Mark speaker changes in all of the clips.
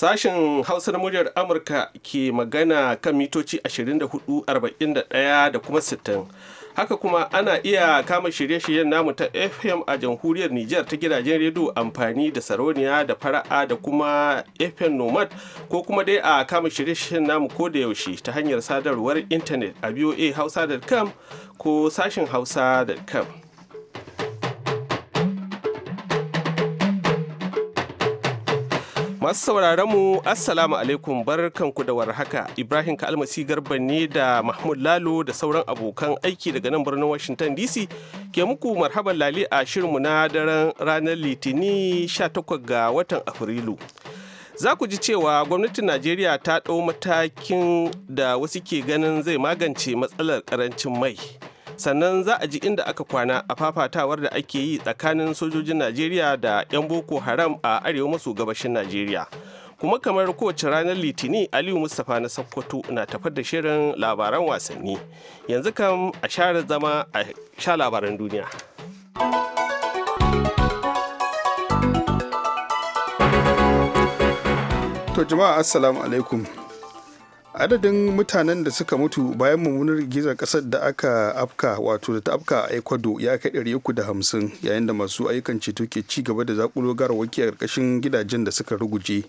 Speaker 1: Sashen Hausar muryar Amurka ke magana kan mitoci 24,41 da kuma 60. Haka kuma ana iya kama shirye-shiryen namu ta FM a jamhuriyar Nijar ta gidajen rediyo amfani da Saroniya da Fara'a da kuma FM Nomad ko kuma dai a kama shirye-shiryen namu ko da yaushe ta hanyar sadarwar intanet a Hausa.com ko sashen hausa.com. Masu sauraron mu Assalamu alaikum barkanku da warhaka Ibrahim Kalmasi Garba ne da Mahmud Lalo da sauran abokan aiki daga nan birnin Washington DC ke muku marhaban lali a shirinmu na daren ranar Litini 18 ga watan Afrilu. Za ku ji cewa gwamnatin Najeriya ta ɗau matakin da wasu ke ganin zai magance matsalar ƙarancin mai. sannan za a ji inda aka kwana a fafatawar da ake yi tsakanin sojojin najeriya da 'yan boko haram a arewa maso gabashin najeriya kuma kamar kowace ranar litini aliyu mustapha na sokoto na tafar da shirin labaran wasanni yanzu kam a share zama a sha labaran duniya
Speaker 2: to jama'a assalamu alaikum adadin mutanen da suka mutu bayan mummunar girgizar kasar da aka afka wato da ta afka a ecuador ya kai 350 yayin da masu ayyukan ceto ke ci gaba da zakulo garwaki a ƙarƙashin gidajen da suka ruguje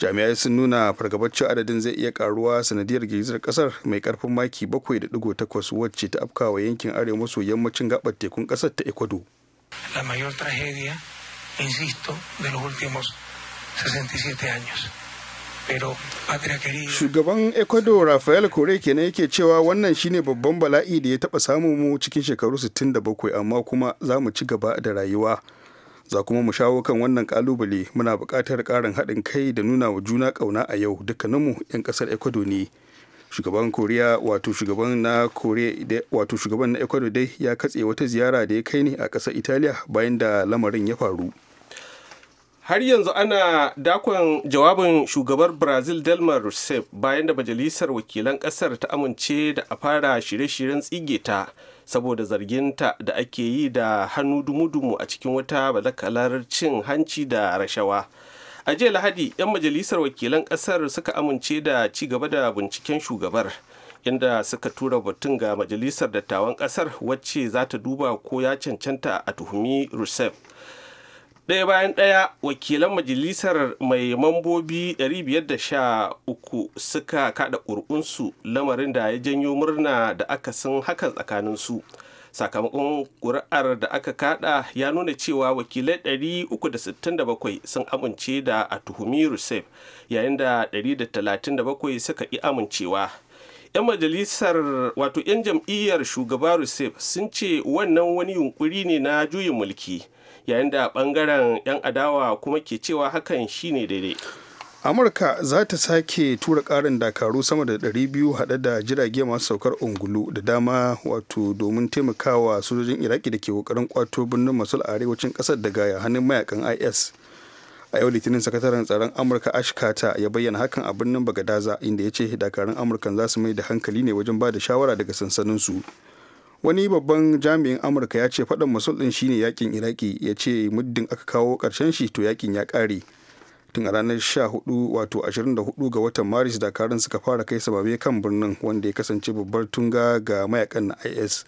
Speaker 2: jami'ai sun nuna fargabacin adadin zai iya karuwa sanadiyar girgizar kasar mai karfin maki 7.8 wacce ta afka wa yankin arewa maso yammacin gabar tekun kasar ta ecuador
Speaker 3: la mayor tragedia insisto de los últimos 67 años
Speaker 2: Shugaban Ecuador Rafael Kore kenan yake cewa wannan shine babban bala'i da ya taba samu mu cikin shekaru 67 amma kuma za mu ci gaba da rayuwa. Za kuma mu shawo kan wannan kalubale muna buƙatar ƙarin haɗin kai da nuna wa juna ƙauna a yau dukkaninmu 'yan ƙasar Ecuador ne. shugaban koriya wato shugaban na koriya wato shugaban na ecuador dai ya katse wata ziyara da ya kai ne a ƙasar italiya bayan da lamarin ya faru
Speaker 1: har yanzu ana dakon jawabin shugabar brazil delmar rousseff bayan da majalisar wakilan kasar ta amince da a fara shirye-shiryen tsige ta saboda zarginta da ake yi da hannu dumu-dumu a cikin wata balakalar cin hanci da rashawa a jiya lahadi 'yan majalisar wakilan kasar suka amince da ci gaba da binciken shugabar inda suka tura batun ga majalisar dattawan kasar wacce za ta duba ko ya cancanta a tuhumi rousseff ɗaya bayan ɗaya wakilan majalisar mai mambobi 513 suka kada ƙuri'unsu lamarin da ya janyo murna da aka akasin tsakanin tsakaninsu sakamakon ƙuri'ar da aka kaɗa ya nuna cewa wakilai 367 sun amince da a tuhumi rusef yayin da 137 suka yi amincewa 'yan majalisar wato 'yan jam'iyyar shugaba rusef sun ce wannan wani yunkuri ne na juyin mulki yayin da bangaren 'yan adawa kuma ke cewa hakan shine daidai
Speaker 2: amurka za ta sake tura karin dakaru sama da 200 hada da jirage masu saukar ungulu da dama wato domin taimakawa sojojin iraki da ke kokarin kwato birnin masul a arewacin kasar daga hannun mayakan is a yau litinin sakataren tsaron amurka ashkata ya bayyana hakan a birnin bagadaza inda ya ce dakarun amurkan za su mai da hankali ne wajen ba da shawara daga sansaninsu su wani babban jami'in amurka ya ce faɗan masul shine yakin iraki ya ce muddin aka kawo ƙarshen shi to yakin ya ƙare tun a ranar 14 wato 24 ga watan maris dakarun suka fara kai sababe kan birnin wanda ya kasance babbar tunga ga mayakan na is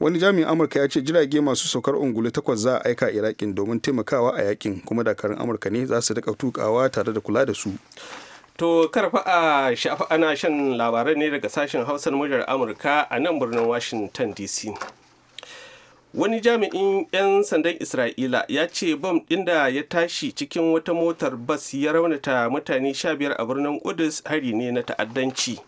Speaker 2: wani jami'in amurka ya ce jirage masu saukar ungulu takwas za a aika irakin domin taimakawa a yakin kuma dakarun amurka ne za su rika tukawa tare da kula da su
Speaker 1: To karfa a shafa ana shan labarai ne daga sashen hausar muryar Amurka a nan birnin Washington DC. Wani jami'in 'yan sandan Isra'ila ya ce bom ɗin da ya tashi cikin wata motar bas ya raunata mutane 15 a birnin Kudus hari ne na ta'addanci.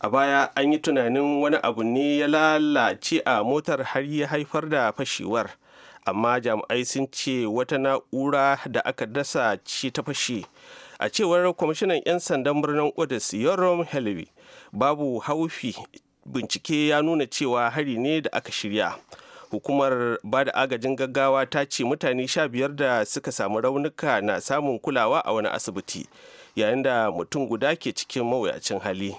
Speaker 1: A baya an yi tunanin wani abu ne ya lalace a motar har ya haifar da fashewar. Amma jami'ai sun ce wata na'ura da aka dasa ce ta fashe. a cewar kwamishinan 'yan sandan birnin Odis Yoram Helvi babu haufi bincike ya nuna cewa hari ne da aka shirya hukumar ba da agajin gaggawa ta ce mutane sha biyar da suka samu raunuka na samun kulawa a wani asibiti yayin da mutum guda ke cikin mawuyacin hali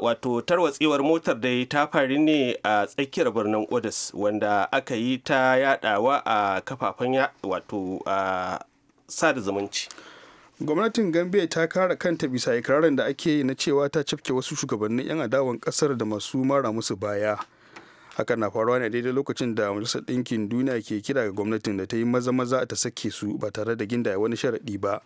Speaker 1: wato tarwatsewar motar da ta faru ne a tsakiyar birnin odis wanda aka yi ta yadawa a kafafen wato sada
Speaker 2: zumunci gwamnatin gambia ta kara kanta bisa ikirarin da ake na cewa ta cafke wasu shugabannin 'yan adawan kasar da masu mara musu baya hakan na faruwa ne daidai lokacin da majalisar ɗinkin duniya ke kira ga gwamnatin da ta yi maza maza ta sake su ba tare da gindaya wani sharaɗi ba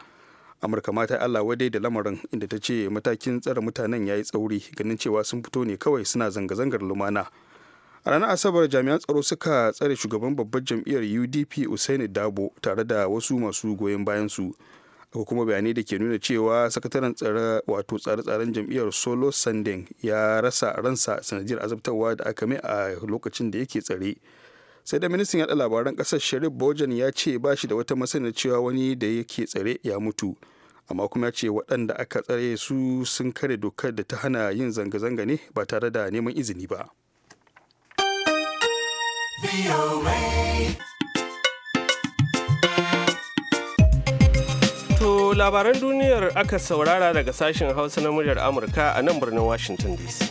Speaker 2: amurka ma ta allah wadai da lamarin inda ta ce matakin tsare mutanen ya yi tsauri ganin cewa sun fito ne kawai suna zanga-zangar lumana a ranar asabar jami'an tsaro suka tsare shugaban babbar jam'iyyar udp usaini dabo tare da wasu masu goyon bayan su ko kuma bayanai da ke nuna cewa sakataren tsare wato tsare-tsaren jam'iyyar solo sanding ya rasa ransa sanadiyar azabtarwa da aka mai a lokacin da yake tsare sai da ministan yaɗa labaran ƙasar sharif bojan ya ce ba shi da wata masana cewa wani da yake tsare ya mutu amma kuma ya ce waɗanda aka tsare su sun kare dokar da ta hana yin zanga-zanga ne ba tare da neman izini ba.
Speaker 1: To labaran duniyar aka saurara daga sashen Hausa na muryar Amurka a nan birnin Washington DC.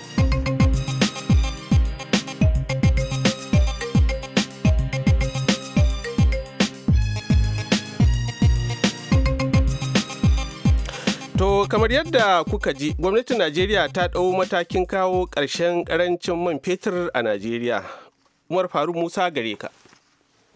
Speaker 1: To kamar yadda kuka ji gwamnatin Najeriya ta ɗau matakin kawo ƙarshen ƙarancin man fetur a Najeriya. Umar Faru Musa gare ka.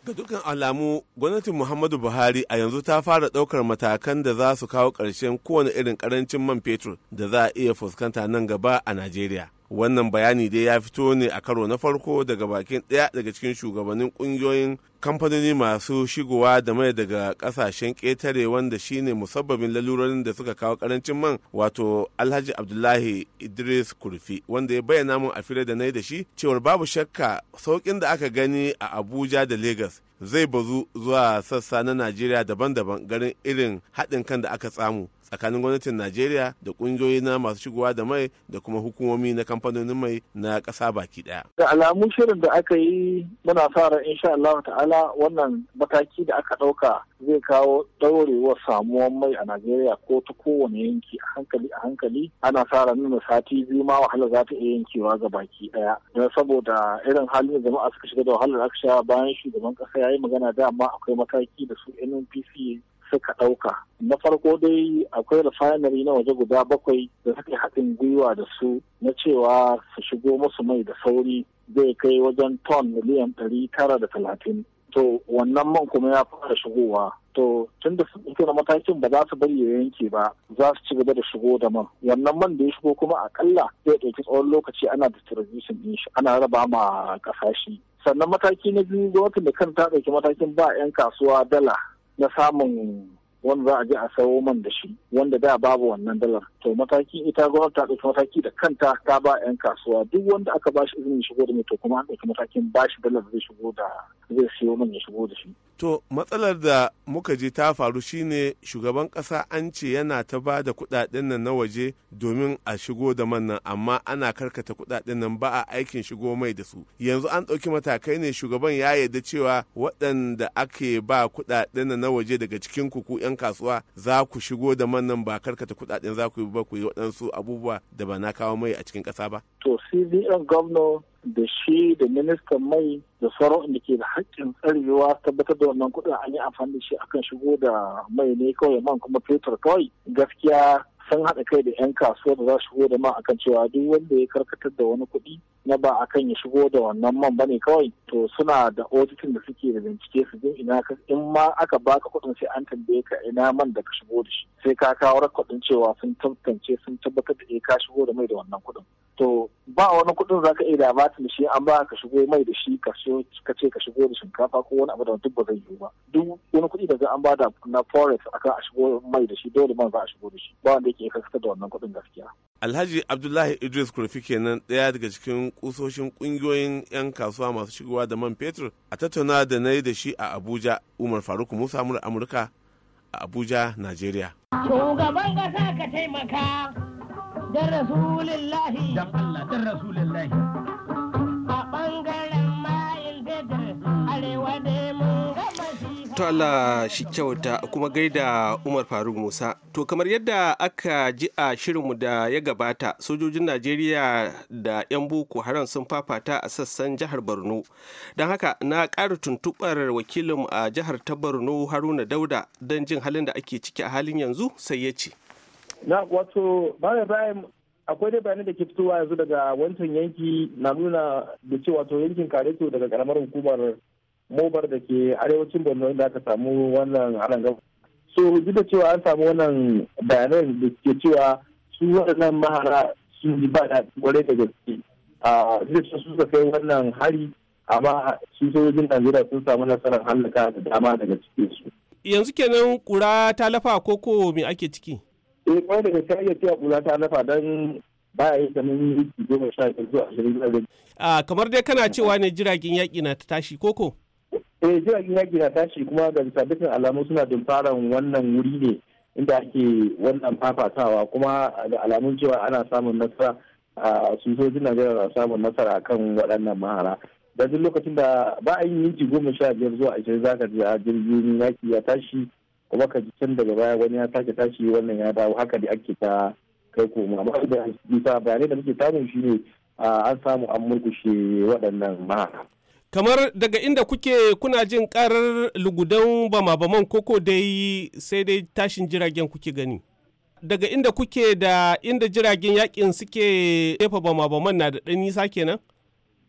Speaker 1: ga dukkan alamu gwamnatin muhammadu
Speaker 4: buhari a yanzu ta fara daukar matakan da za su kawo ƙarshen kowane irin ƙarancin man fetur da za a iya fuskanta nan gaba a najeriya wannan bayani dai ya fito ne a karo na farko daga bakin ɗaya daga cikin shugabannin ƙungiyoyin kamfanoni masu shigowa da mai daga kasashen ƙetare wanda shine musabbabin lalurorin da suka kawo karancin man wato alhaji abdullahi idris kurfi wanda ya bayyana mun a fira da na da shi cewar babu shakka sauƙin da aka gani a abuja da lagos zai bazu zuwa sassa na najeriya daban-daban garin irin haɗin kan da aka samu tsakanin gwamnatin najeriya da kungiyoyi na masu shigowa da mai da kuma hukumomi na kamfanonin mai na ƙasa baki ɗaya.
Speaker 5: da alamun shirin da aka yi muna sa ran insha Allah ta'ala wannan mataki da aka ɗauka zai kawo ɗaurewar samuwar mai a najeriya ko ta kowane yanki a hankali a hankali ana sa nuna sati biyu ma wahala za ta iya yankewa ga baki ɗaya don saboda irin halin da jama'a suka shiga da wahalar aka sha bayan shugaban ƙasa ya yi magana dama akwai mataki da su nnpc suka ɗauka. Na farko dai akwai refinery na waje guda bakwai da suka haɗin gwiwa da su na cewa su shigo musu mai da sauri zai kai wajen ton miliyan ɗari tara da talatin. To wannan man kuma ya fara shigowa. To tun da su na matakin ba za su bari ya yanke ba za su ci gaba da shigo da man. Wannan man da ya shigo kuma akalla zai ɗauki tsawon lokaci ana distribution ɗin shi ana raba ma ƙasashe. sannan mataki na biyu gwamnatin da kanta ɗauki matakin ba 'yan kasuwa dala na samun wanda za a je a sayo man da shi wanda da babu wannan dalar to mataki ita gwamnati ta ɗauki mataki da kanta ta ba 'yan kasuwa duk wanda aka ba shi izinin shigo da mai to kuma an ɗauki matakin ba shi dalar zai shigo da zai siyo man ya shigo da shi.
Speaker 4: to matsalar da muka je ta faru shine shugaban kasa an ce yana ta ba da kuɗaɗen nan na waje domin a shigo da man nan amma ana karkata kuɗaɗen nan ba a aikin shigo mai da su yanzu an ɗauki matakai ne shugaban ya yarda cewa waɗanda ake ba kuɗaɗen nan na waje daga cikin kuku 'yan kasuwa za ku shigo da man nan ba karkata kudaden za ku yi ba ku yi waɗansu abubuwa da ba na kawo mai a cikin ƙasa ba?
Speaker 5: To CBN governor da shi da ministan mai da sauran da ke da haƙƙin tsarewa tabbatar da wannan kuɗin an yi amfani da shi akan shigo da mai ne kawai man kuma fetur kawai gaskiya sun haɗa kai da 'yan kasuwa da za su shigo da ma akan cewa duk wanda ya karkatar da wani kuɗi na ba a kan ya shigo da wannan man bane kawai to suna da auditing da suke da bincike su je ina ka in ma aka baka kuɗin sai an tambaye ka ina man da ka shigo da shi sai ka kawo rakodin cewa sun tantance sun tabbatar da eh ka shigo da mai da wannan kuɗin to ba wani kuɗin zaka iya da bata da shi an ba ka shigo mai da shi ka ka ce ka shigo da shinkafa ko wani abu da duk ba zai yiwu ba duk wani kuɗi da za an ba da na forex aka a shigo mai da shi dole man za a shigo da shi ba wanda yake iya da wannan kuɗin gaskiya
Speaker 4: Alhaji Abdullahi Idris Kurfi kenan ɗaya daga cikin kusoshin ƙungiyoyin 'yan kasuwa masu shigowa da man fetur a tattauna da na yi da shi a Abuja, Umar Faruk Musa mura Amurka a Abuja, nigeria.
Speaker 6: Shugaban ƙasa ka taimaka don Rasulillahi. Don Allah, Rasulillahi. A ɓangaren mayin fetur arewa
Speaker 1: To Allah shi kyauta kuma gaida Umar Faruk Musa. To kamar yadda aka ji a shirinmu da ya gabata sojojin Najeriya da 'yan boko haram sun fafata a sassan jihar Borno. Don haka na ƙara tuntuɓar wakilin a jihar ta Borno Haruna Dauda don jin halin da ake ciki a halin yanzu sai ya ce.
Speaker 3: Na wato bayan akwai dai bayanai da ke fitowa yanzu daga wancan yanki na nuna da cewa yankin Kareto daga karamar hukumar mobar da ke arewacin borno inda aka samu wannan gaba. so duk da cewa an samu wannan bayanan da ke cewa su waɗannan mahara sun ji ba da kwarai da gaske a duk da su kai wannan hari amma su sojojin najeriya sun samu nasarar hallaka da dama daga cikin su
Speaker 1: yanzu kenan kura ta lafa ko ko me ake ciki
Speaker 3: eh kwai da gaske ake cewa kura ta lafa don a yi kamar minti goma sha biyar zuwa ashirin a kamar dai kana cewa
Speaker 1: ne jiragen yaƙi na ta tashi koko
Speaker 3: eh jiragen yaki na tashi kuma ga bisa dukkan alamu suna dumfaran wannan wuri ne inda ake wannan fafatawa kuma da alamun cewa ana samun nasara a sojojin najeriya na samun nasara akan waɗannan mahara da duk lokacin da ba a yi minti goma sha biyar zuwa ashirin zaka ji a jirgin yaki ya tashi kuma ka ji can daga baya wani ya sake tashi wannan ya dawo haka da ake ta kai koma amma da bisa bayanai da muke samu shine an samu an murkushe waɗannan
Speaker 1: mahara kamar daga inda kuke kuna jin karar lugudan bama-baman koko dai sai dai tashin jiragen kuke gani daga inda kuke da inda jiragen yakin suke jefa bama-baman na da ɗan nisa kenan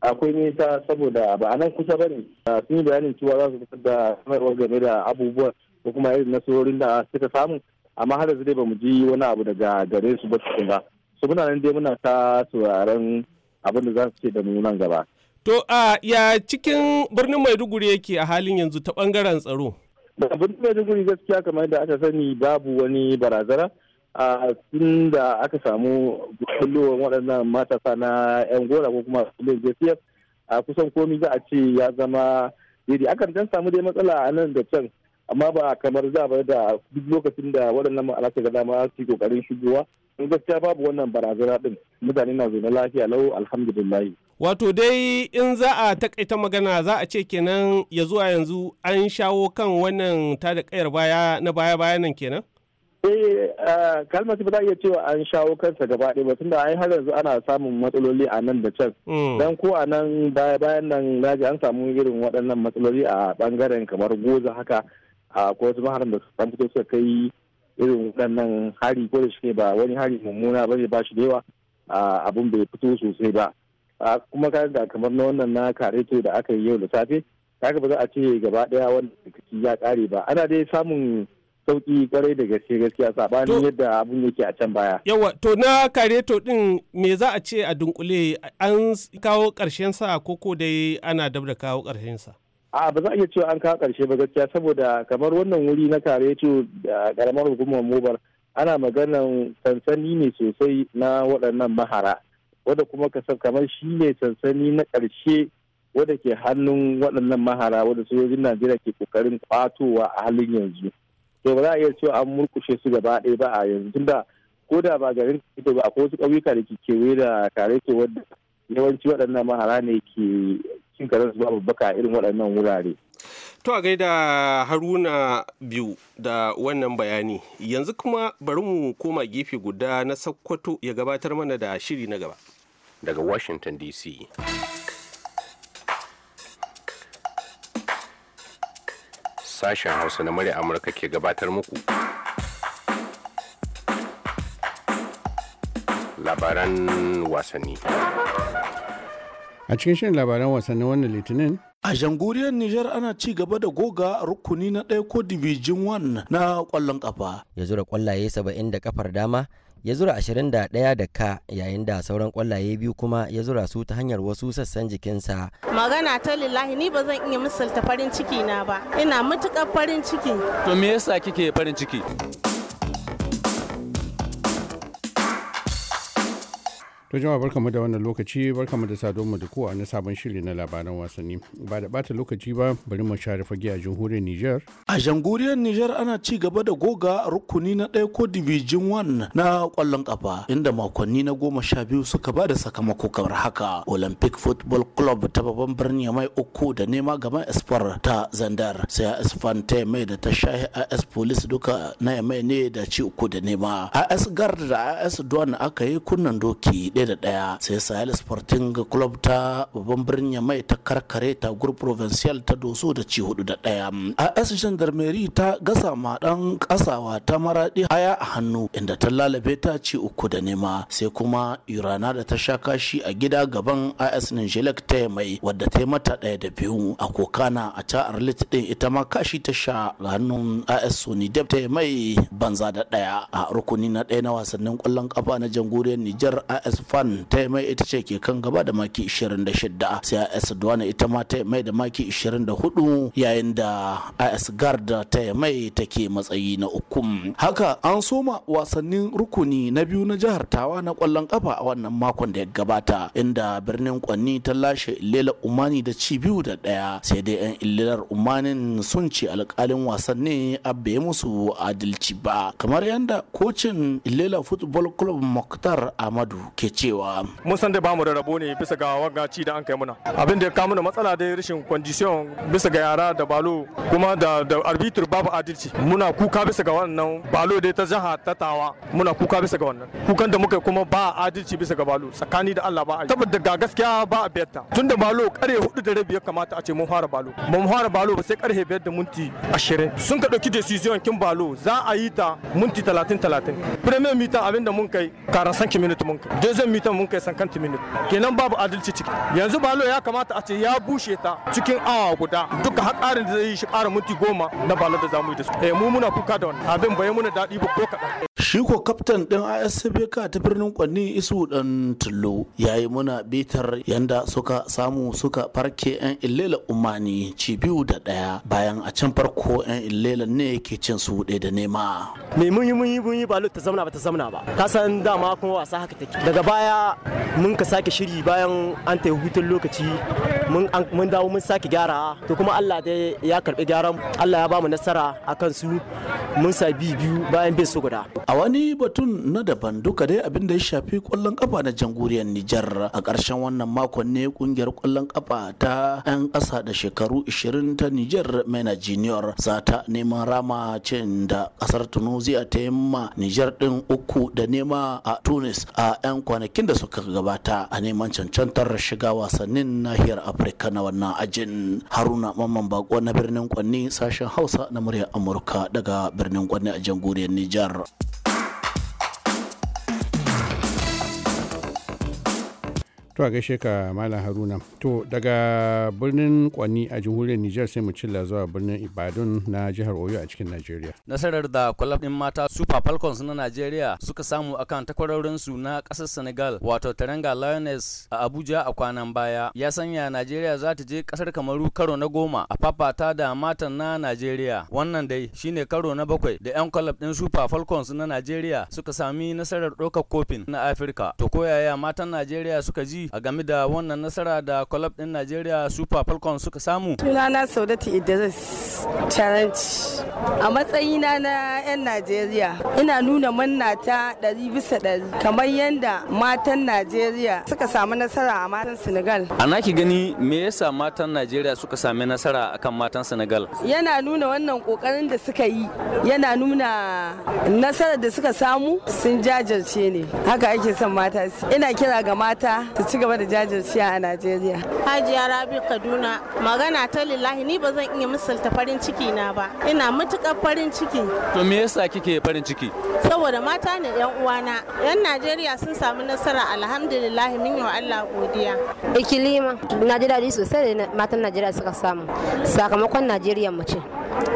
Speaker 3: akwai nisa saboda ba a nan kusa bane ah, sun yi bayanin cewa za su fitar da sanarwar game da abubuwan ko kuma irin nasarorin da suka samu amma har yanzu dai ba ji wani abu daga gare su ba su ba su muna nan dai muna ta sauraren abin da za su ce da mu nan gaba To
Speaker 1: a ya cikin birnin Maiduguri yake a halin yanzu ta bangaren tsaro?
Speaker 3: Da birnin Maiduguri gaskiya kamar da aka sani babu wani barazara a tun da aka samu kullum waɗannan matasa na 'yan gora ko kuma jcf a kusan komi za a ce ya zama daidai akan dan samu dai matsala a nan da can amma ba kamar za ba da duk lokacin da waɗannan ma'ana ta gada ma su kokarin shigowa in gaskiya babu wannan barazana ɗin mutane na zaune lafiya lau alhamdulillahi
Speaker 1: wato dai in za a takaita magana za a ce kenan ya zuwa yanzu an shawo kan wannan ta da kayar baya na baya bayan nan kenan
Speaker 3: eh ah, kalmar ba za iya cewa an shawo kansa gaba ɗaya ba tunda ai har yanzu ana samun matsaloli a nan da can hmm. dan ko a nan baya bayan nan naji an samu irin waɗannan matsaloli a bangaren kamar goza haka a ko wasu maharan da an fito suka kai irin waɗannan hari ko da shi ba wani hari mummuna ba ne ba shi da yawa ah, abun bai fito sosai ba a kuma ka ga kamar na wannan na kareto da aka yi yau da safe kaga ba za a ce gaba daya wanda rikici ya kare ba ana dai samun sauki kwarai da gaske gaskiya sabanin yadda abun yake a can baya
Speaker 1: yawa to na kareto din me za a ce a dunkule an kawo karshen sa koko dai ana dabda kawo karshen sa
Speaker 3: a ba za a iya cewa an kawo karshe ba gaskiya saboda kamar wannan wuri na kareto da karamar hukumar mobar ana maganan sansani ne sosai na waɗannan mahara wadda kuma kasar kamar shi ne sansani na ƙarshe wadda ke hannun waɗannan mahara wadda sojojin najeriya ke ƙoƙarin kwatowa a halin yanzu to ba za a iya cewa an murkushe su gaba ɗaya ba a yanzu tunda ko da ba garin ita ba akwai wasu ƙauyuka da ke kewaye da ke wadda yawanci waɗannan mahara ne ke cin karar su babu baka irin waɗannan wurare
Speaker 1: To a gaida Haruna biyu da wannan bayani yanzu kuma bari mu koma gefe guda na Sokoto ya gabatar mana da shiri na gaba.
Speaker 7: daga Washington DC. Sashen Hausa na murya Amurka ke gabatar muku. Labaran wasanni. A cikin shirin labaran wasanni wannan litinin A
Speaker 8: jamhuriyar Nijar ana ci gaba da goga rukuni na ɗaya ko Division
Speaker 9: 1 na ƙwallon ƙafa. Ya zura ƙwallaye saba'in da kafar dama ya zura 21 da da ka yayin da sauran kwallaye biyu kuma ya zura su ta hanyar wasu sassan jikinsa.
Speaker 10: Magana ta lillahi ni ba zan iya misalta farin ciki na ba. Ina matukar farin ciki.
Speaker 9: To me
Speaker 6: yasa kike farin ciki?
Speaker 7: To jama'a barkamu da wannan lokaci barkamu da mu da kowa na sabon shiri na labaran wasanni. Ba da bata lokaci ba bari mu share fage a jamhuriyar Nijar. A jamhuriyar Nijar
Speaker 8: ana ci gaba da goga rukuni na ɗaya ko division 1 na ƙwallon ƙafa inda makonni na goma sha biyu suka ba da sakamako kamar haka. Olympic Football Club ta babban birni mai uku da nema gama Espoir ta Zandar sai AS Fante mai da ta shahi AS Police duka na mai ne da ci uku da nema. AS Gard da AS Don aka yi kunnan doki daya da ɗaya sai sahel sporting club ta babban birnin yamai ta karkare ta gur provincial ta doso da ci hudu da ɗaya s gendarmerie ta gasa ma ɗan kasawa ta maradi haya a hannu inda ta lalabe ta ci uku da nema sai kuma urana da ta sha kashi a gida gaban as ninjelek ta mai wadda ta mata ɗaya da biyu a kokana a ta arlit ɗin ita ma kashi ta sha ga hannun as sony deb ta mai banza da ɗaya a rukuni na ɗaya na wasannin ƙwallon ƙafa na jamhuriyar nijar as fan ta mai ita ce ke kan gaba da maki 26 sai as duwana ita ma ta mai da maki 24 yayin da as garda ta mai take matsayi na uku haka an soma wasannin rukuni na biyu na jihar tawa na kwallon kafa a wannan makon da ya gabata inda birnin kwanni ta lashe illela umani da ci biyu da daya sai dai yan illelar umanin sun ci alƙalin wasannin ne abbe musu adalci ba kamar yadda kocin illela football club muktar amadu ke cewa
Speaker 1: mun san da bamu da rabo ne bisa ga wanga ci da an kai muna
Speaker 8: abin da ya kawo mana
Speaker 1: matsala dai rashin condition bisa ga yara da balo kuma da da babu adalci muna kuka bisa ga wannan balo dai ta jaha ta tawa muna kuka bisa ga wannan kukan da muka kuma ba adalci bisa ga balo tsakani da Allah ba a tabbata ga gaskiya ba a biyarta da balo kare hudu da rabi ya kamata a ce mun fara balo mun fara balo ba sai karfe biyar da minti ashirin sun ka dauki decision kin balo za a yi ta minti talatin talatin premier meter abin da mun kai karasan sanki mun kai deuxième mitan mun kai 50 kenan babu adalci ciki yanzu balo ya kamata a ce ya bushe ta cikin awa guda duka har karin da zai yi shi kara minti goma na balo da zamu yi da su eh, mu muna kuka da wannan abin bai muna daɗi ba
Speaker 8: ko kaɗan shi ko kaftan ɗin ASBK ta birnin Kwanni Isu dan Tullo yayi muna bitar yanda suka samu suka farke yan illela umani ci biyu da ɗaya bayan a can farko yan illela ne ke cin su ɗaya da nema me mun yi mun yi mun yi balo ta zamna ba ta zamna ba ka san dama kuma wasa haka take daga baya baya mun ka sake shiri bayan an ta hutun lokaci mun dawo mun sake gyara to kuma Allah dai ya karbi gyaran Allah ya ba mu nasara a kansu mun sa bi biyu bayan bai su guda a wani batun na daban duka dai abin da ya shafi kwallon kafa na jamhuriyar Nijar a ƙarshen wannan makon ne kungiyar kwallon kafa ta 'yan kasa da shekaru 20 ta Nijar Mena Junior za ta neman rama cin da ƙasar Tunisia ta yamma Nijar din uku da nema a Tunis a 'yan kwanaki kwanakin da suka gabata a neman cancantar shiga wasannin nahiyar afirka na wannan ajin haruna mamman bako na birnin kwanni sashen hausa na muryar amurka daga birnin kwanni a jamhuriyar nijar
Speaker 7: to a gaishe ka malam haruna to daga birnin kwani a jamhuriyar nijar sai mu cilla zuwa birnin ibadan na jihar oyo a cikin nigeria.
Speaker 6: nasarar da kwalab din mata super falcons na nigeria suka samu akan takwarorin su na kasar senegal wato taranga lioness a abuja a kwanan baya ya sanya nigeria za ta je kasar kamaru karo na goma a fafata da matan na nigeria wannan dai shine karo na bakwai da yan kwalab din super falcons na nigeria suka sami nasarar ɗaukar kofin na afirka to koyaya matan nigeria suka ji a game da wannan nasara da club din Najeriya Super Falcons suka samu.
Speaker 9: Sunana Saudatu Idris Challenge. A matsayina na 'yan Najeriya ina nuna manna ta ɗari bisa ɗari kamar yadda matan Najeriya suka samu nasara a matan Senegal. A naki gani
Speaker 6: me yasa matan Najeriya suka sami nasara akan matan Senegal?
Speaker 9: Yana nuna wannan kokarin da suka yi yana nuna nasarar da suka samu sun jajirce ne haka ake son mata ina kira ga mata su ci ci gaba da jajirciya a Najeriya.
Speaker 10: Hajiya Rabi Kaduna magana ta lillahi ni ba zan iya misalta farin ciki na ba. Ina matukar farin ciki.
Speaker 6: To me yasa kike farin ciki?
Speaker 10: Saboda mata ne yan uwana. Yan Najeriya sun samu nasara alhamdulillah min yi Allah godiya. Ikilima na daɗi sosai da
Speaker 9: matan Najeriya suka samu. Sakamakon Najeriya mu ce.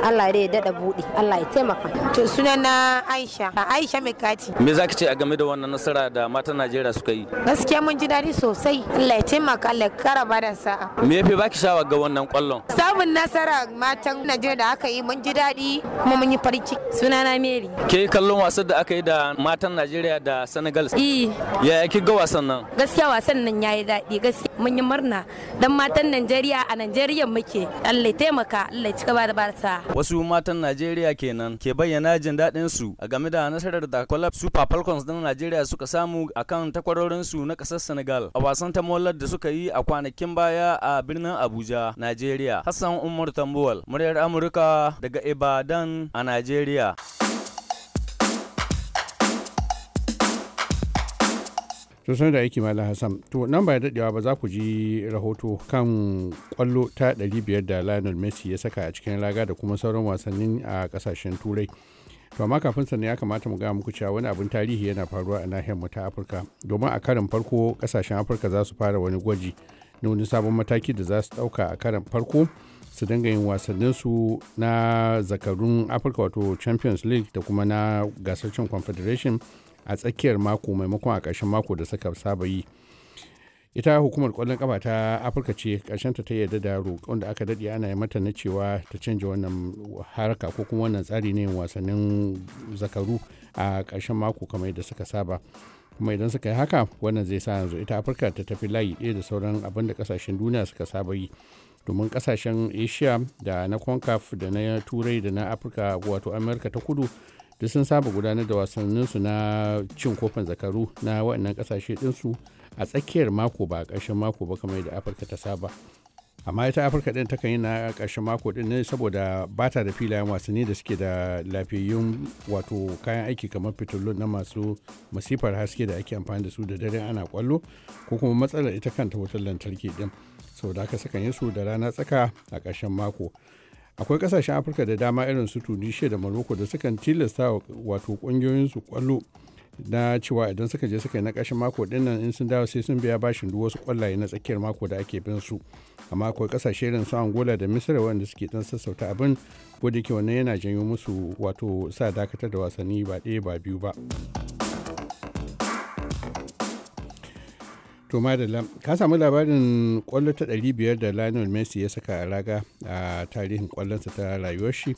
Speaker 9: Allah ya dada buɗe Allah ya taimaka to sunan na Aisha Aisha mai kati me zaki
Speaker 6: ce a game da wannan nasara da matan Najeriya suka yi gaskiya
Speaker 9: mun ji daɗi sosai Allah ya taimaka Allah ya kara da sa'a
Speaker 6: me yafi baki shawa ga wannan kwallon
Speaker 9: samun nasara matan Najeriya da aka yi mun ji daɗi kuma mun yi farin ciki na Mary
Speaker 6: ke kallon wasan da aka yi da matan Najeriya da Senegal eh ya ki ga wasan nan gaskiya
Speaker 9: wasan nan yayi daɗi gaskiya mun yi murna dan matan Najeriya a Najeriya muke Allah ya taimaka Allah ya cika ba da
Speaker 6: Wasu matan Najeriya kenan ke bayyana jin daɗin su a game da nasarar da Colab Super Falcons na Najeriya suka samu akan takwarorin su na ƙasar Senegal a wasan ta mollar da suka yi a kwanakin baya a birnin Abuja, Najeriya. Hassan Umar Tambuwal, muryar Amurka daga Ibadan a Najeriya.
Speaker 7: to sanar da aiki malam hassan to nan ba daɗewa ba za ku ji rahoto kan kwallo ta 500 da lionel messi ya saka a cikin raga da kuma sauran wasannin a kasashen turai to amma kafin sannan ya kamata mu gaya muku cewa wani abin tarihi yana faruwa a nahiyar mu ta afirka domin a karin farko kasashen afirka za su fara wani gwaji na wani sabon mataki da za su ɗauka a karin farko su dinga yin wasannin su na zakarun afirka wato champions league da kuma na gasar cin confederation a tsakiyar mako maimakon a ƙarshen mako da suka saba yi ita hukumar kwallon kafa ta afirka ce karshenta ta yarda da roƙon da aka daɗe ana yi mata na cewa ta canja wannan haraka ko kuma wannan tsari ne wasannin zakaru a ƙarshen mako kamar yadda suka saba kuma idan suka yi haka wannan zai sa yanzu ita afirka ta tafi layi ɗaya da sauran abin da ƙasashen duniya suka saba yi domin ƙasashen asia da na concaf da na turai da na afirka wato amurka ta kudu duk sun saba gudanar da wasannin su na cin kofin zakaru na waɗannan ƙasashe ɗinsu a tsakiyar mako ba a ƙarshen mako ba kamar da afirka ta saba amma ita afirka ɗin ta yi na karshen mako ɗin ne saboda ba ta da filayen wasanni da suke da lafiyayyun wato kayan aiki kamar fitilun na masu masifar haske da ake amfani da su da dare ana kwallo ko kuma matsalar ita kanta wutar lantarki ɗin saboda aka saka yin su da rana tsaka a karshen mako akwai kasashen afirka da dama irin su tunisia da morocco da sukan tilasta wato kungiyoyin su kwallo na cewa idan suka je suka yi na ƙarshen mako din in sun dawo sai sun biya bashin duk wasu kwallaye na tsakiyar mako da ake bin su amma akwai kasashe irin su angola da misira wanda suke dan sassauta abin ko da ke wannan yana janyo musu wato sa dakatar da wasanni ba ɗaya ba biyu ba. To Madalla, ka samu labarin kwallo ta 500 da Lionel Messi ya saka a raga a tarihin kwallonsa ta rayuwar shi.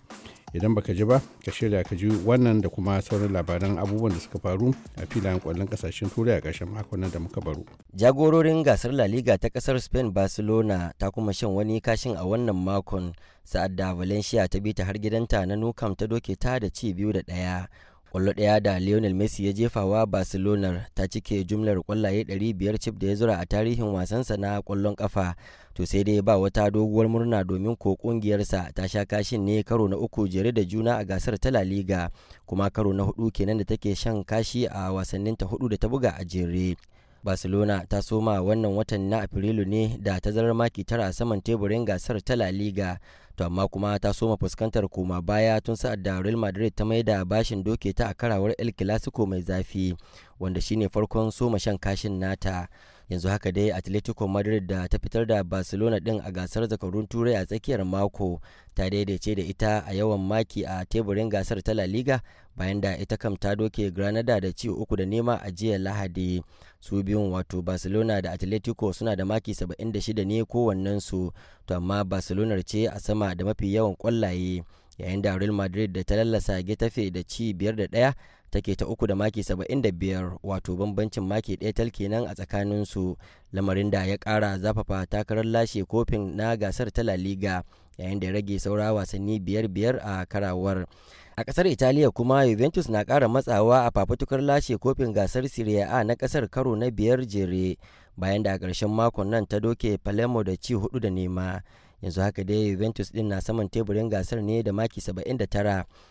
Speaker 7: Idan baka ji ba, ka shirya ka ji wannan da kuma sauran labaran abubuwan da suka faru a filayen kwallon kasashen turai a ƙarshen
Speaker 9: makon nan da muka baro. Jagororin gasar La Liga ta kasar Spain Barcelona ta kuma shan wani kashin a wannan makon sa'ad da Valencia ta bi ta har gidanta na Nukam ta doke ta da ci biyu da ɗaya. kwallo daya da lionel messi ya jefa wa barcelona ta cike jumlar kwallaye 500 cif da ya zura a tarihin wasansa na kwallon kafa to sai dai ba wata doguwar murna domin ko kungiyarsa ta sha kashin ne karo na uku jere da juna a gasar ta la liga kuma karo na hudu kenan da take shan kashi a wasannin ta hudu da ta buga a jere barcelona ta soma wannan watan na afrilu ne da tazarar maki tara a saman teburin gasar ta la liga to amma kuma ta soma fuskantar koma baya tun sa'ad da real madrid ta mai da bashin doke ta a karawar el clasico mai zafi wanda shine farkon soma shan kashin nata yanzu haka dai atletico madrid da ta fitar da barcelona din a gasar zakarun turai a tsakiyar mako ta daidaice da ita a yawan maki a teburin gasar ta la liga bayan da ita kam ta doke granada da ci uku da nema a jiya lahadi su biyun wato barcelona da atletico suna da maki 76 ne kowannensu to amma barcelona ce a sama da mafi yawan kwallaye yayin da real madrid da ta lallasa getafe da ci biyar da daya. take ta uku da maki 75 wato bambancin maki ɗaya tal kenan a su,- lamarin da ya ƙara zafafa takarar lashe kofin na gasar ta La Liga yayin da ya rage saura wasanni biyar biyar a karawar a kasar italiya kuma juventus na ƙara matsawa a fafutukar lashe kofin gasar serie a na kasar karo na biyar jere bayan da a ƙarshen makon nan ta doke palermo da ci hudu da nema yanzu haka dai juventus din na saman teburin gasar ne da maki 79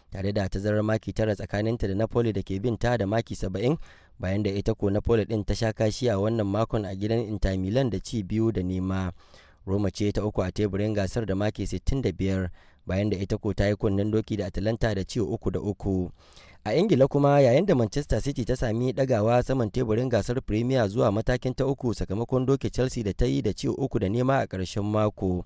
Speaker 9: tare da tazarar maki tara tsakaninta da napoli da ke bin ta da maki 70 bayan da ita ko napoli din ta sha kashi a wannan makon a gidan inter milan da ci biyu da nema roma ce ta uku a teburin gasar da maki 65 bayan da ita ko ta yi kunnen doki da atalanta da ci uku da uku a ingila kuma yayin da manchester city ta sami dagawa saman teburin gasar premier zuwa matakin ta uku sakamakon doke chelsea da ta yi da ci uku da nema a ƙarshen mako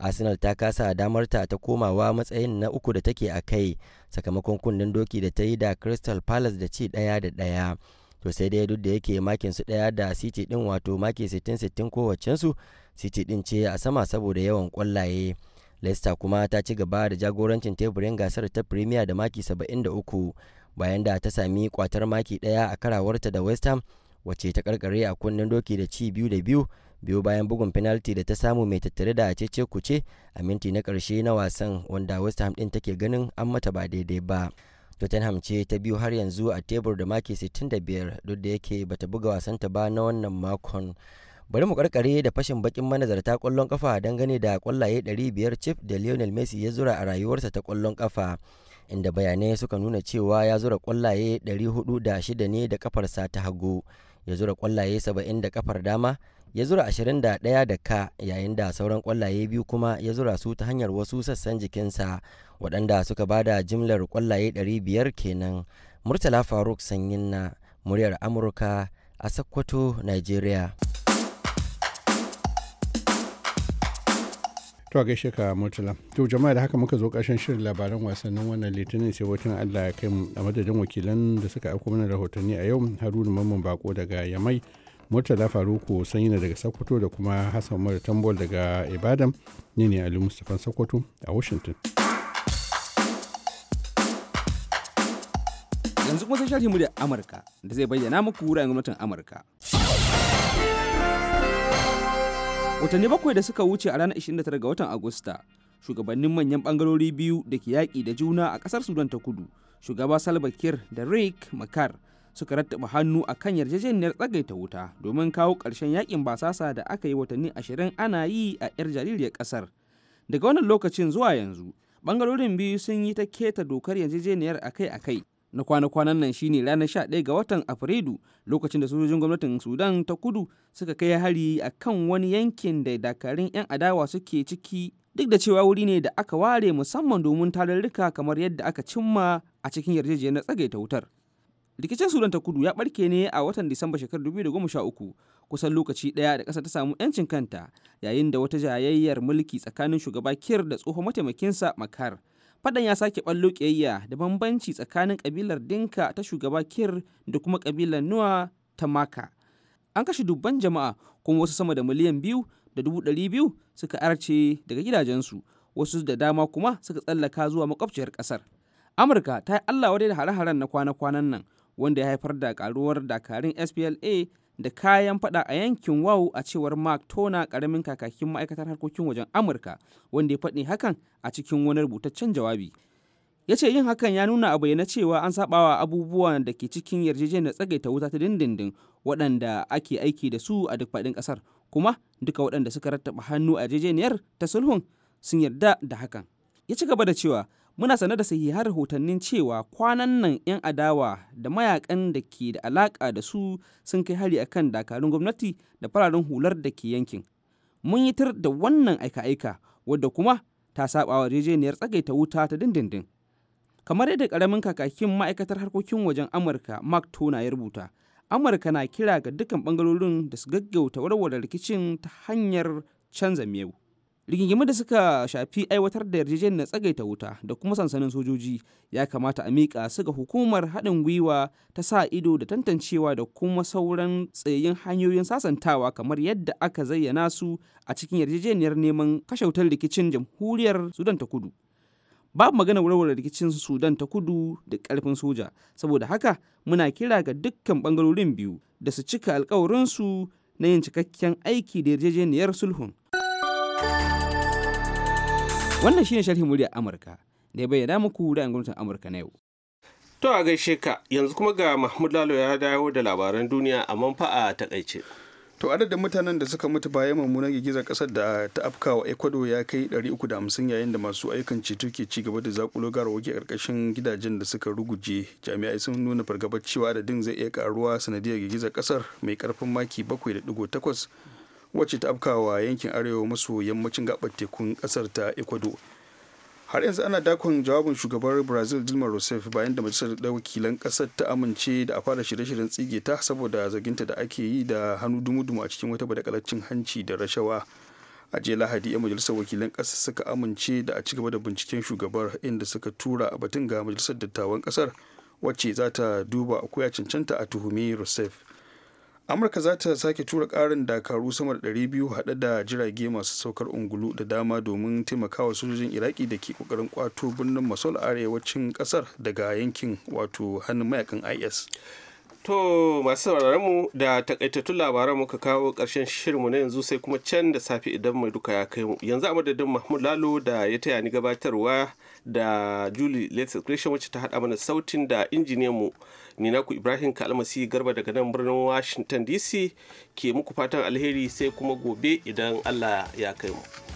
Speaker 9: arsenal ta kasa damarta ta komawa matsayin na uku da take a kai sakamakon kunnen doki da ta yi da crystal palace da ci daya da daya to sai dai duk da yake makin su ɗaya da city din wato maki 60-60 su city din ce a sama saboda yawan kwallaye leicester kuma ta ci gaba da jagorancin teburin gasar ta premier da maki 73 bayan da ta sami kwatar maki daya a karawarta da west ham wacce ta karkare a kunnen doki da ci biyu da biyu biyu bayan bugun penalty da ta samu mai tattare da cece kuce a minti na karshe na wasan wanda west ham din take ganin an mata ba daidai ba tottenham ce ta biyu har yanzu a tebur da maki 65 duk da yake bata buga wasan ta ba na wannan makon bari mu karkare da fashin bakin manazarta kwallon kafa dangane da kwallaye 500 cif da lionel messi ya zura a rayuwarsa ta kwallon kafa inda bayanai suka nuna cewa ya zura kwallaye 406 ne da kafarsa ta hagu ya zura kwallaye saba'in da kafar dama ya zura ashirin da ɗaya da ka yayin da sauran kwallaye biyu kuma ya zura su ta hanyar wasu sassan jikinsa waɗanda suka bada jimlar kwallaye ɗari biyar kenan murtala faruk sanyin na muryar amurka a sakkwato nigeria
Speaker 7: to a gaishe ka murtala to jama'a da haka muka zo ƙarshen shirin labaran wasannin wannan litinin sai wacin allah ya kai a madadin wakilan da suka aiko mana rahotanni a yau haruna mamman bako daga yamai murtala faruku sanyina daga sokoto da kuma hassan umar tambol daga ibadan ni ne ali mustapha sokoto a washington
Speaker 10: yanzu kuma sai shafi mu da amurka da zai bayyana muku wuraren gwamnatin amurka watanni bakwai da suka wuce a ranar 29 ga watan agusta shugabannin manyan bangarori biyu da ke yaƙi da juna a ƙasar sudan ta kudu shugaba salva kiir da rick makar suka rattaba hannu a kan yarjejeniyar tsagaita wuta domin kawo ƙarshen yaƙin basasa da aka yi watanni ashirin ana yi a 'yar jaririyar ƙasar daga wannan lokacin zuwa yanzu bangarorin biyu sun yi ta keta dokar yarjejeniyar akai-akai na kwana-kwanan nan shine ranar 11 ga watan afrilu lokacin da sojojin gwamnatin sudan ta kudu suka kai hari a kan wani yankin da dakarun 'yan adawa suke ciki duk da cewa wuri ne da aka ware musamman domin tarurruka kamar yadda aka cimma a cikin yarjejeniyar tsagaita wutar rikicin sudan ta kudu ya barke ne a watan disamba shekarar 2013 kusan lokaci daya da kasa ta samu 'yancin kanta yayin da wata jayayyar mulki tsakanin shugaba kir da tsohon sa makar Faɗan ya sake ɓallo kiyayya da bambanci tsakanin ƙabilar Dinka ta shugaba Kir da kuma kabilar Nuwa ta Maka. An kashe dubban jama'a kuma wasu sama da miliyan biyu da dubu ɗari biyu suka arce daga gidajensu wasu da dama kuma suka tsallaka zuwa makwabciyar ƙasar. Amurka ta yi Allah wadai da hare-haren na kwana-kwanan nan wanda ya haifar da karuwar dakarun SPLA da kayan fada a yankin wau a cewar mark tona karamin kakakin ma'aikatar harkokin wajen amurka wanda ya faɗi hakan a cikin wani rubutaccen jawabi ya ce yin hakan ya nuna a bayyana cewa an sabawa abubuwan da ke cikin yarjejeniyar tsagaita wuta ta dindindin waɗanda ake aiki da su a duk faɗin ƙasar kuma duka waɗanda suka rattaba hannu a yarjejeniyar ta sulhun sun yarda da hakan ya ci gaba da cewa muna sane da har rahotannin cewa kwanan nan 'yan adawa da mayakan da ke da alaƙa da su sun kai hari akan dakarun gwamnati da fararen hular da ke yankin mun yi tar da wannan aika-aika wadda kuma ta saba wa rejeniyar tsagaita wuta ta dindindin kamar yadda karamin kakakin ma'aikatar harkokin wajen amurka mark tona ya rubuta amurka na kira ga dukkan bangarorin da su gaggauta warware rikicin ta hanyar canza miyau rigingimu da suka shafi aiwatar da yarjejeniyar tsagaita wuta da kuma sansanin sojoji ya kamata a miƙa su ga hukumar haɗin gwiwa ta sa ido da tantancewa da kuma sauran tsayayyun hanyoyin sasantawa kamar yadda aka zayyana su a cikin yarjejeniyar neman kashautar rikicin jamhuriyar sudan ta kudu babu magana warware rikicin sudan ta kudu da ƙarfin soja saboda haka muna kira ga dukkan bangarorin biyu da su cika alkawarinsu na yin cikakken aiki da yarjejeniyar sulhun Wannan shine sharhin murya Amurka da ya bayyana muku da gwamnatin Amurka na yau.
Speaker 1: To a gaishe ka yanzu kuma ga Mahmud Lalo ya dawo da labaran duniya a manfa'a
Speaker 2: a takaice. To adadin mutanen da suka mutu bayan mummunan girgizar kasar da ta afka wa Ecuador ya kai 350 yayin da masu ayukan ceto ke ci gaba da zakulo garwaki karkashin gidajen da suka ruguje. Jami'ai sun nuna fargabar cewa adadin zai iya karuwa sanadiyar girgizar kasar mai karfin maki 7.8 wacce ta afkawa yankin arewa maso yammacin gabar tekun kasar ta ecuador har yanzu ana dakon jawabin shugabar brazil dilma rousseff bayan da majalisar da wakilan kasar ta amince da a fara shirye-shiryen tsige ta saboda zarginta da ake yi da hannu dumu-dumu a cikin wata badakalacin hanci da rashawa a jiya lahadi yan majalisar wakilan kasar suka amince da a ci gaba da binciken shugabar inda suka tura a batun ga majalisar dattawan kasar wacce za ta duba akuya koya cancanta a tuhumi rousseff amurka za ta sake tura karin dakaru sama da 200 haɗe da jirage masu saukar ungulu da dama domin taimakawa sojojin iraki da ke kokarin kwato birnin masol arewacin kasar daga yankin wato hannun mayakan is
Speaker 1: To masu sauraron mu da takaitattun labaran muka kawo ƙarshen shirinmu na yanzu sai kuma can da safe idan mai duka ya kai mu. Yanzu a madadin Mahmud Lalo da ya taya ni gabatarwa da juli latest creation wacce ta hada mana sautin da injiniyan mu ninaku ibrahim kalmasi garba daga nan birnin washington dc ke muku fatan alheri sai kuma gobe idan allah ya kai mu